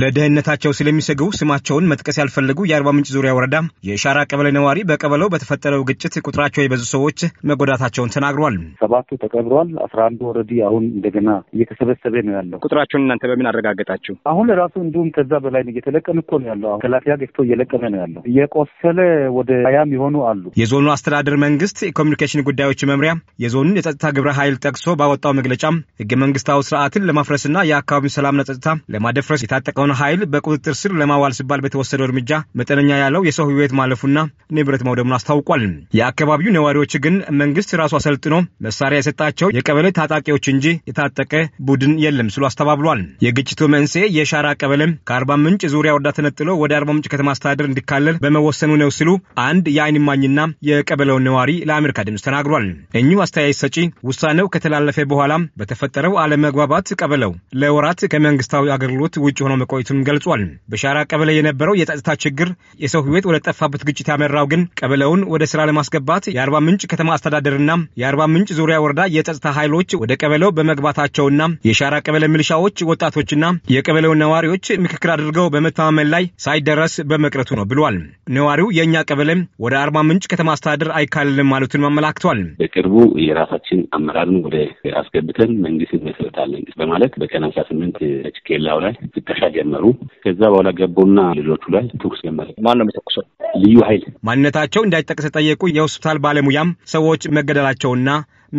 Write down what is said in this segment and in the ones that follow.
ለደህንነታቸው ስለሚሰግቡ ስማቸውን መጥቀስ ያልፈለጉ የአርባ ምንጭ ዙሪያ ወረዳ የሻራ ቀበሌ ነዋሪ በቀበለው በተፈጠረው ግጭት ቁጥራቸው የበዙ ሰዎች መጎዳታቸውን ተናግሯል። ሰባቱ ተቀብረዋል። አስራ አንዱ ወረዲ አሁን እንደገና እየተሰበሰበ ነው ያለው። ቁጥራቸውን እናንተ በምን አረጋገጣችሁ? አሁን ለራሱ እንዲሁም ከዛ በላይ እየተለቀም እኮ ነው ያለው። ከላፊያ ገፍቶ እየለቀመ ነው ያለው። እየቆሰለ ወደ ሀያም የሆኑ አሉ። የዞኑ አስተዳደር መንግስት የኮሚኒኬሽን ጉዳዮች መምሪያ የዞኑን የጸጥታ ግብረ ኃይል ጠቅሶ ባወጣው መግለጫ ህገ መንግስታዊ ስርዓትን ለማፍረስና የአካባቢውን ሰላምና ጸጥታ ለማደፍረስ የታጠቀው የታጠቀውን ኃይል በቁጥጥር ስር ለማዋል ሲባል በተወሰደው እርምጃ መጠነኛ ያለው የሰው ህይወት ማለፉና ንብረት መውደሙን አስታውቋል። የአካባቢው ነዋሪዎች ግን መንግስት ራሱ አሰልጥኖ መሳሪያ የሰጣቸው የቀበሌ ታጣቂዎች እንጂ የታጠቀ ቡድን የለም ሲሉ አስተባብሏል። የግጭቱ መንስኤ የሻራ ቀበሌ ከአርባ ምንጭ ዙሪያ ወረዳ ተነጥሎ ወደ አርባ ምንጭ ከተማ አስተዳደር እንዲካለል በመወሰኑ ነው ሲሉ አንድ የአይን ማኝና የቀበሌውን ነዋሪ ለአሜሪካ ድምፅ ተናግሯል። እኚሁ አስተያየት ሰጪ ውሳኔው ከተላለፈ በኋላ በተፈጠረው አለመግባባት ቀበለው ለወራት ከመንግስታዊ አገልግሎት ውጭ ሆኖ መቆየቱም ገልጿል። በሻራ ቀበሌ የነበረው የጸጥታ ችግር የሰው ህይወት ወደ ጠፋበት ግጭት ያመራው ግን ቀበሌውን ወደ ስራ ለማስገባት የአርባ ምንጭ ከተማ አስተዳደርና የአርባ ምንጭ ዙሪያ ወረዳ የጸጥታ ኃይሎች ወደ ቀበሌው በመግባታቸውና የሻራ ቀበሌ ሚሊሻዎች፣ ወጣቶችና የቀበሌው ነዋሪዎች ምክክር አድርገው በመተማመን ላይ ሳይደረስ በመቅረቱ ነው ብሏል። ነዋሪው የእኛ ቀበሌም ወደ አርባ ምንጭ ከተማ አስተዳደር አይካልልም ማለቱን አመላክቷል። በቅርቡ የራሳችን አመራርን ወደ አስገብተን መንግስት እንመሰርታለን በማለት በቀን ሀምሳ ስምንት ችኬላው ላይ ፍተሻ ጀመሩ። ከዛ በኋላ ገቡና ልጆቹ ላይ ትኩስ ጀመረ። ማን ነው የሚተኩሰው? ልዩ ኃይል ማንነታቸው እንዳይጠቀስ የጠየቁ የሆስፒታል ባለሙያም ሰዎች መገደላቸውና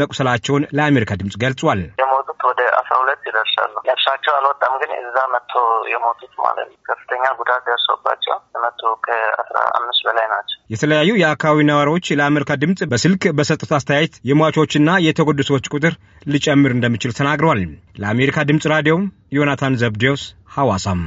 መቁሰላቸውን ለአሜሪካ ድምፅ ገልጿል። የሞቱት ወደ ድረስ ይደርሳሉ። ነፍሳቸው አልወጣም፣ ግን እዛ መቶ የሞቱት ማለት ነው። ከፍተኛ ጉዳት ደርሶባቸው መቶ ከአስራ አምስት በላይ ናቸው። የተለያዩ የአካባቢ ነዋሪዎች ለአሜሪካ ድምፅ በስልክ በሰጡት አስተያየት የሟቾችና የተጎዱ ሰዎች ቁጥር ሊጨምር እንደሚችል ተናግረዋል። ለአሜሪካ ድምፅ ራዲዮ ዮናታን ዘብዴዎስ ሐዋሳም